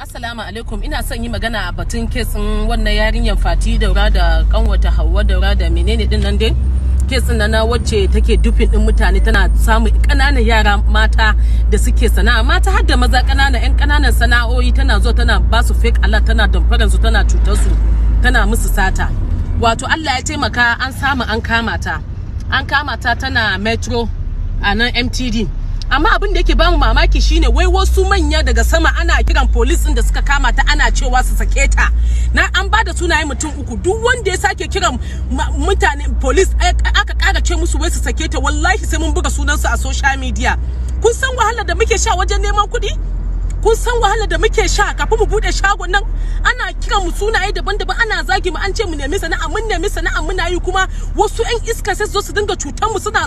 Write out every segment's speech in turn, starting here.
Assalamu alaikum ina son yi magana a batun kesin wannan yarinyar fati daura da kanwata hauwa daura da menene din nan dai kesin na na wacce take dufin din mutane tana samun kananan yara mata da suke sana'a mata har da maza kananan yan kananan sana'o'i tana zo tana ba su fake Allah tana damfaran su tana cutar su tana musu sata wato Allah ya taimaka an samu an kama ta an kama ta tana metro a nan MTD amma abin da yake ba mu mamaki shine wai wasu manya daga sama ana kiran police din da suka kama ta ana cewa su sake ta na an ba da sunaye mutum uku duk wanda ya sake kiran mutane police aka kara ce musu wai su sake ta wallahi sai mun buga sunan su a social media kun san wahalar da muke sha wajen neman kuɗi kun san wahala da muke sha kafin mu bude shagon nan ana kiran mu sunaye daban-daban ana zagi mu an ce mu nemi sana'a mun nemi sana'a muna yi kuma wasu yan iska sai su dinga cutar mu suna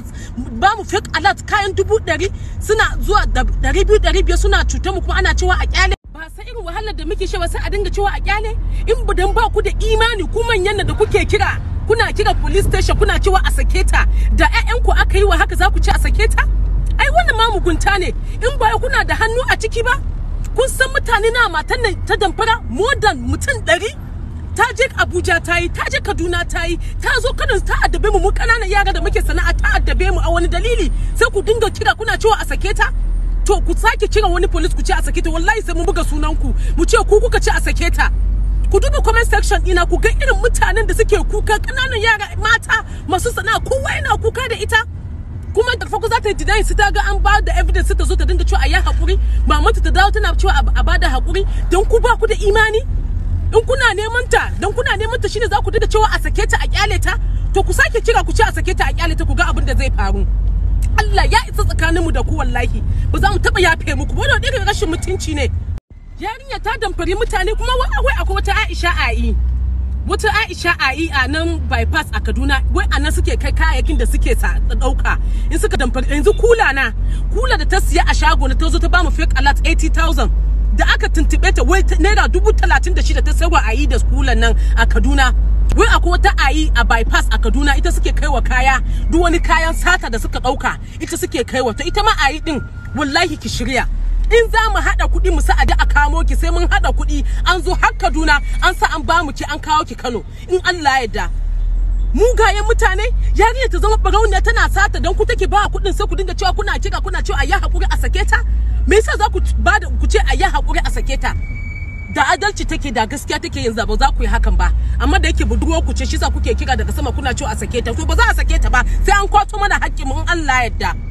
ba mu fake alert kayan dubu ɗari suna zuwa ɗari biyu ɗari biyu suna cuta mu kuma ana cewa a kyale ba san irin wahalar da muke shewa sai a dinga cewa a kyale in budan ba ku da imani ku manyan da kuke kira kuna kira police station kuna cewa a sake ta da ƴaƴan ku aka yi wa haka za ku ce a sake ta ai wannan ma mugunta ne in ba kuna da hannu a ciki ba kun san mutane na matan nan ta damfara more than mutum ɗari ta je abuja ta yi ta je kaduna ta yi ta zo kano ta addabe mu mu kananan yara da muke sana'a ta addabe mu a wani dalili sai ku dinga kira kuna cewa a sake ta to ku sake kira wani police ku ce a sake ta wallahi sai mun buga sunan ku mu ce ku kuka ce a sake ta ku duba comment section ina ku ga irin mutanen da suke kuka kananan yara mata masu sana'a kowa yana kuka da ita kuma da farko za ta yi su ta ga an ba da evidence ta zo ta dinga cewa a yi mamanta ta dawo tana cewa a ba da haƙuri don ku ba ku da imani kuna neman ta shine za ku dinga cewa a sake ta a kyale ta to ku sake kira ku ce a sake ta a kyale ta ku ga abin da zai faru Allah ya isa tsakanin mu da ku wallahi ba za mu taba yafe muku ba da rashin mutunci ne yarinya ta damfari mutane kuma wai akwai akwai wata Aisha a'i wata Aisha a'i a nan bypass a Kaduna wai a suke kai kayayyakin da suke sa dauka in suka damfari yanzu kula na kula da ta siya a shago na ta zo ta ba mu fake alert 80000 da aka tuntube ta wai naira dubu talatin da shida ta saiwa a yi da kulan nan a kaduna wai akwai wata ayi a bypass a kaduna ita suke kaiwa kaya duk wani kayan sata da suka ɗauka ita suke kaiwa to ita ma ayi din wallahi ki shirya in za mu haɗa kuɗi mu sa aje a kamo ki sai mun haɗa kuɗi an zo har kaduna an sa an ba mu ki an kawo ki kano in allah ya yarda mugayen mutane yarinya ta zama barauniya tana sata don ku take ba kuɗin sai ku dinga cewa kuna kira kuna cewa a yi hakuri a sake ta me yasa za ku ba da ku ce a hakuri a sake ta da adalci take da gaskiya take yanzu ba za ku yi hakan ba amma da yake budurwar ku ce shi sa kuke kira daga sama kuna cewa a sake ta to ba za a sake ta ba sai an kwato mana haƙƙin mu in Allah yarda